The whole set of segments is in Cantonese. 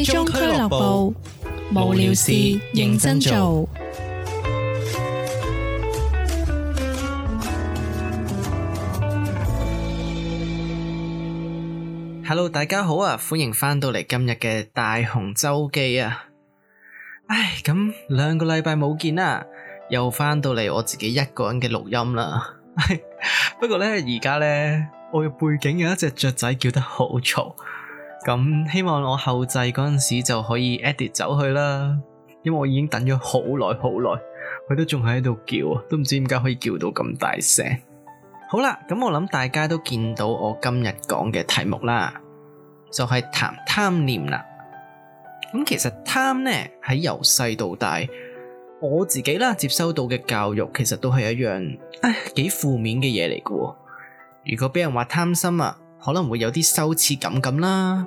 最終俱樂部，無聊事認真做。Hello，大家好啊，歡迎返到嚟今日嘅大雄週記啊！唉，咁兩個禮拜冇見啦，又返到嚟我自己一個人嘅錄音啦。 不過呢，而家呢，我嘅背景有一隻雀仔叫得好嘈。咁希望我後製嗰陣時就可以 edit 走去啦，因為我已經等咗好耐好耐，佢都仲喺度叫啊，都唔知點解可以叫到咁大聲。 好啦，咁我諗大家都見到我今日講嘅題目啦，就係、是、談貪念啦。咁其實貪呢，喺由細到大，我自己啦，接收到嘅教育其實都係一樣，唉，幾負面嘅嘢嚟嘅。如果俾人話貪心啊。可能會有啲羞恥感咁啦，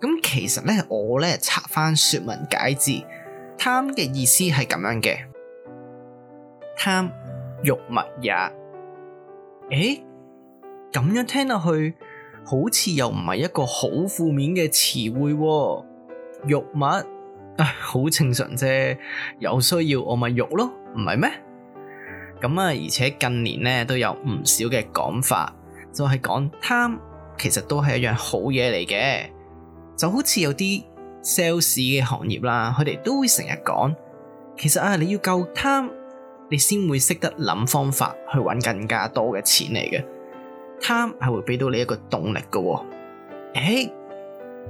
咁其實呢，我呢，拆翻《說文解字》，貪嘅意思係咁樣嘅，貪欲物也。誒、欸，咁樣聽落去，好似又唔係一個好負面嘅詞彙喎、啊。欲物，唉，好正常啫。有需要我咪欲咯，唔係咩？咁啊，而且近年呢，都有唔少嘅講法，就係、是、講貪。其實都係一樣好嘢嚟嘅，就好似有啲 sales 嘅行業啦，佢哋都會成日講，其實啊，你要夠貪，你先會識得諗方法去搵更加多嘅錢嚟嘅。貪係會俾到你一個動力㗎、哦，誒，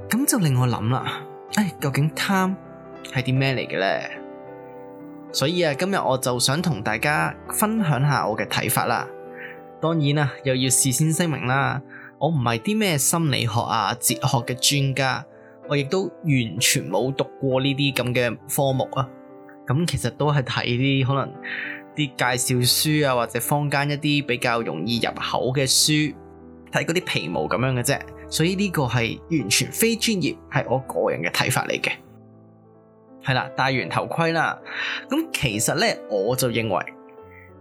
咁就令我諗啦，唉、哎，究竟貪係啲咩嚟嘅呢？所以啊，今日我就想同大家分享下我嘅睇法啦。當然啊，又要事先聲明啦。我唔係啲咩心理學啊、哲學嘅專家，我亦都完全冇讀過呢啲咁嘅科目啊。咁其實都係睇啲可能啲介紹書啊，或者坊間一啲比較容易入口嘅書，睇嗰啲皮毛咁樣嘅啫。所以呢個係完全非專業，係我個人嘅睇法嚟嘅。係啦，戴完頭盔啦。咁其實呢，我就認為。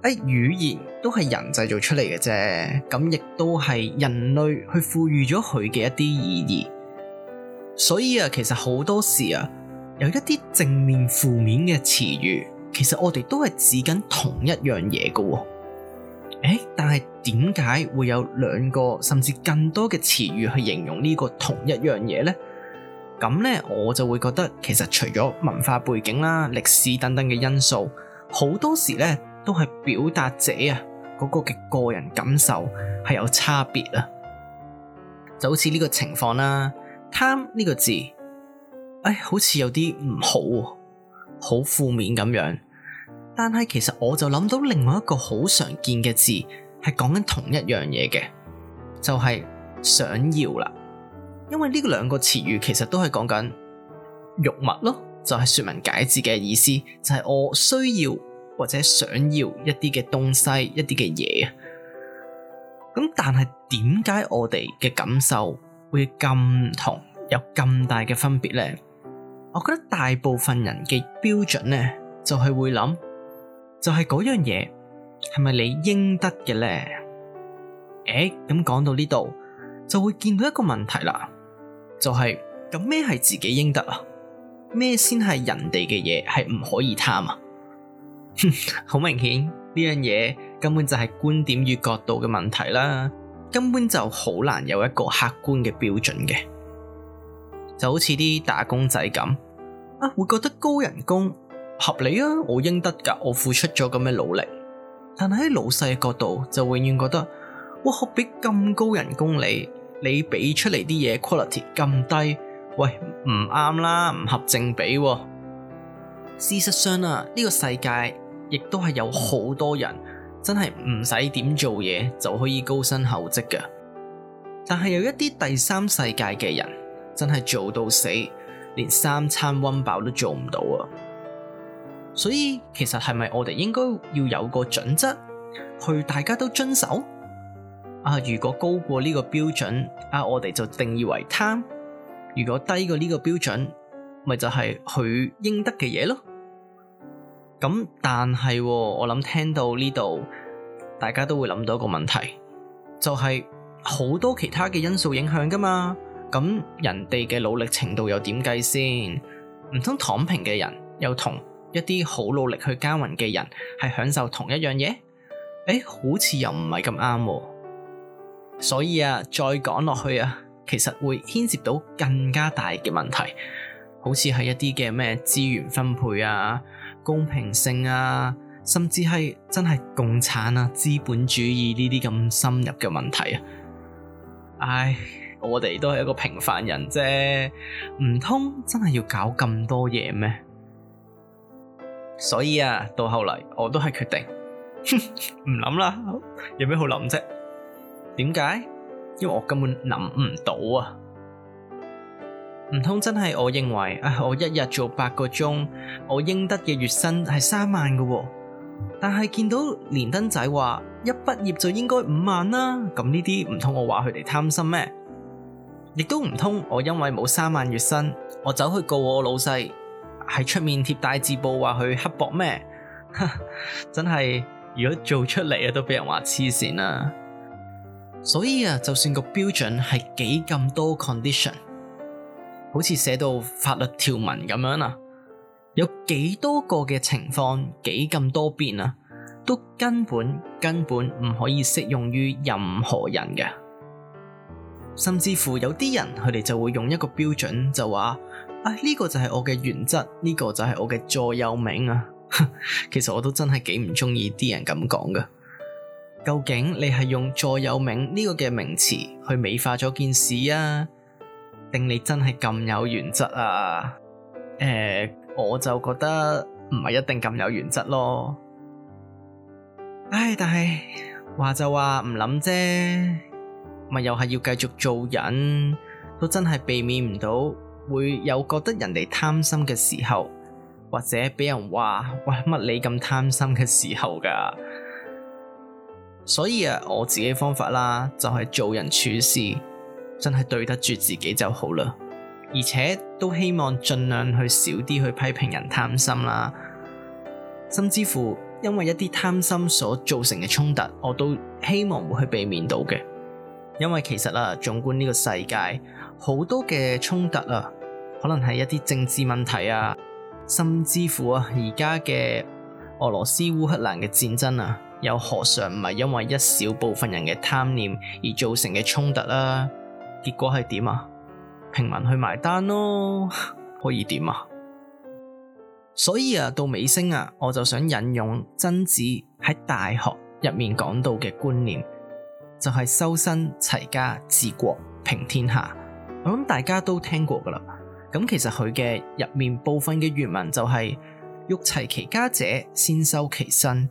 誒，語言都係人製造出嚟嘅啫，咁亦都係人類去賦予咗佢嘅一啲意義。所以啊，其實好多時啊，有一啲正面、負面嘅詞語，其實我哋都係指緊同一樣嘢㗎。誒，但係點解會有兩個甚至更多嘅詞語去形容呢個同一樣嘢呢？咁呢，我就會覺得其實除咗文化背景啦、歷史等等嘅因素，好多時呢……都係表達者啊，嗰個嘅個人感受係有差別啊，就好似呢個情況啦，貪呢個字，唉、哎，好似有啲唔好，好負面咁樣。但係其實我就諗到另外一個好常見嘅字，係講緊同一樣嘢嘅，就係、是、想要啦。因為呢兩個詞語其實都係講緊欲物咯，就係、是、說文解字嘅意思，就係、是、我需要。或者想要一啲嘅東西，一啲嘅嘢啊。咁但係點解我哋嘅感受會咁唔同，有咁大嘅分別呢？我覺得大部分人嘅標準呢，就係會諗，就係嗰樣嘢係咪你應得嘅呢？誒，咁講到呢度，就會見到一個問題啦，就係咁咩係自己應得啊？咩先係人哋嘅嘢係唔可以貪啊？好 明顯呢樣嘢根本就係觀點與角度嘅問題啦，根本就好難有一個客觀嘅標準嘅，就好似啲打工仔咁啊，會覺得高人工合理啊，我應得噶，我付出咗咁嘅努力，但係喺老細嘅角度就永遠覺得，我何必咁高人工你，你俾出嚟啲嘢 quality 咁低，喂唔啱啦，唔合正比喎。事實上啊，呢、呢個世界。亦都係有好多人真係唔使點做嘢就可以高薪厚職嘅，但係有一啲第三世界嘅人真係做到死，連三餐溫飽都做唔到啊！所以其實係咪我哋應該要有個準則去大家都遵守？啊，如果高過呢個標準，啊我哋就定義為貪；如果低過呢個標準，咪就係、是、佢應得嘅嘢咯。咁，但係我諗聽到呢度，大家都會諗到一個問題，就係好多其他嘅因素影響噶嘛。咁人哋嘅努力程度又點計先？唔通躺平嘅人又同一啲好努力去耕耘嘅人係享受同一樣嘢？誒，好似又唔係咁啱。所以啊，再講落去啊，其實會牽涉到更加大嘅問題，好似係一啲嘅咩資源分配啊。公平性啊，甚至係真係共產啊、資本主義呢啲咁深入嘅問題啊，唉，我哋都係一個平凡人啫，唔通真係要搞咁多嘢咩？所以啊，到後嚟我都係決定哼，唔諗啦，有咩好諗啫？點解？因為我根本諗唔到啊！唔通真係我認為、哎、我一日做八個鐘，我應得嘅月薪係三萬嘅，哦，但係見到連登仔話一畢業就應該五萬啦，咁呢啲唔通我話佢哋貪心咩？亦都唔通我因為冇三萬月薪，我走去告我老細喺出面貼大字報話佢刻薄咩？真係如果做出嚟啊，都俾人話黐線啦。所以啊，就算個標準係幾咁多 condition。好似寫到法律條文咁樣啊，有幾多個嘅情況幾咁多變啊，都根本根本唔可以適用於任何人嘅。甚至乎有啲人佢哋就會用一個標準就話，啊，呢個就係我嘅原則，呢個就係我嘅座右銘啊。其實我都真係幾唔中意啲人咁講㗎。究竟你係用座右銘呢個嘅名詞去美化咗件事啊？定你真係咁有原則啊？誒，我就覺得唔係一定咁有原則咯。唉，但係話就話唔諗啫，咪又係要繼續做人，都真係避免唔到會有覺得人哋貪心嘅時候，或者俾人話喂乜你咁貪心嘅時候噶。所以啊，我自己方法啦，就係做人處事，真係對得住自己就好啦，而且都希望盡量去少啲去批評人貪心啦。甚至乎，因為一啲貪心所造成嘅衝突，我都希望會去避免到嘅。因為其實啊，縱觀呢個世界，好多嘅衝突啊，可能係一啲政治問題啊，甚至乎啊，而家嘅俄羅斯烏克蘭嘅戰爭啊，又何嘗唔係因為一小部分人嘅貪念而造成嘅衝突啦，啊？結果係點啊？平民去埋單咯，可以點啊？所以啊，到尾聲啊，我就想引用曾子喺大學入面講到嘅觀念，就係、是、修身齊家治國平天下。我諗大家都聽過噶啦。咁其實佢嘅入面部分嘅原文就係、是、欲齊其家者，先修其身；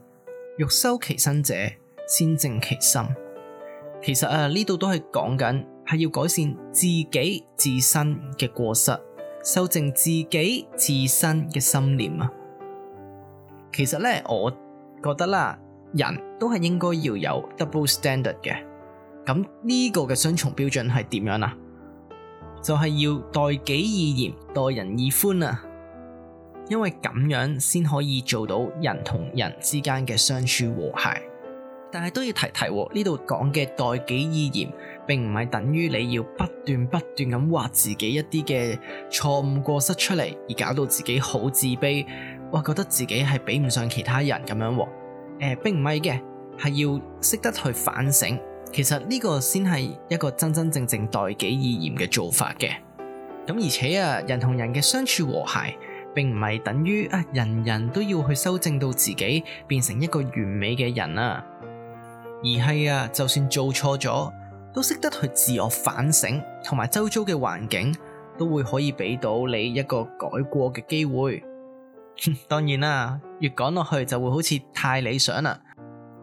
欲修其身者，先正其心。其實啊，呢度都係講緊。係要改善自己自身嘅過失，修正自己自身嘅心念啊！其實咧，我覺得啦，人都係應該要有 double standard 嘅。咁呢個嘅雙重標準係點樣啊？就係、是、要待己以嚴，待人以寬啊！因為咁樣先可以做到人同人之間嘅相處和諧。但係都要提提，呢度講嘅待己以嚴，並唔係等於你要不斷不斷咁挖自己一啲嘅錯誤過失出嚟，而搞到自己好自卑，哇覺得自己係比唔上其他人咁樣。誒、呃，並唔係嘅，係要識得去反省。其實呢個先係一個真真正正待己以嚴嘅做法嘅。咁而且啊，人同人嘅相處和諧，並唔係等於啊人人都要去修正到自己變成一個完美嘅人啊。而係啊，就算做錯咗，都識得去自我反省，同埋周遭嘅環境都會可以俾到你一個改過嘅機會。 當然啦，啊，越講落去就會好似太理想啦，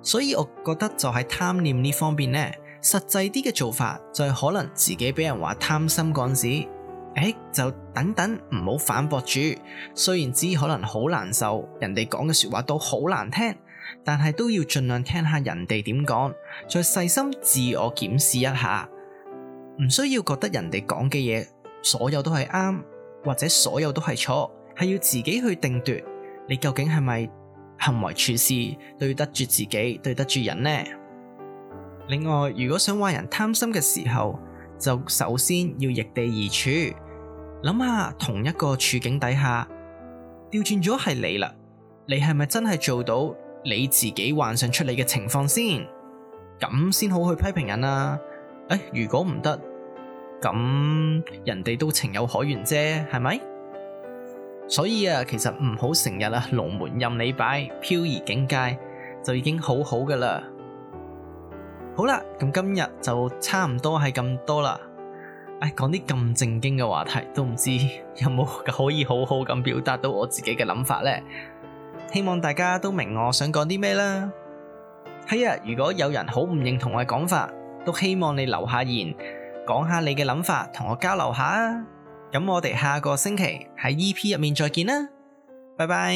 所以我覺得就係貪念呢方面呢，實際啲嘅做法就係可能自己俾人話貪心陣時，誒，就等等唔好反駁住，雖然知可能好難受，人哋講嘅說話都好難聽。但係都要盡量聽下人哋點講，再細心自我檢視一下，唔需要覺得人哋講嘅嘢所有都係啱，或者所有都係錯，係要自己去定奪，你究竟係咪行為處事對得住自己，對得住人呢？另外，如果想話人貪心嘅時候，就首先要逆地而處，諗下同一個處境底下，調轉咗係你啦，你係咪真係做到？你自己幻想出嚟嘅情況先，咁先好去批評人啦，啊。如果唔得，咁人哋都情有可原啫，係咪？所以啊，其實唔好成日啊，龍門任你擺，漂移境界就已經好好噶啦。好啦，咁今日就差唔多係咁多啦。誒，講啲咁正經嘅話題，都唔知有冇可以好好咁表達到我自己嘅諗法呢。希望大家都明我想講啲咩啦。係啊，如果有人好唔認同我嘅講法，都希望你留下言，講下你嘅諗法，同我交流下。咁我哋下個星期喺 EP 入面再見啦，拜拜。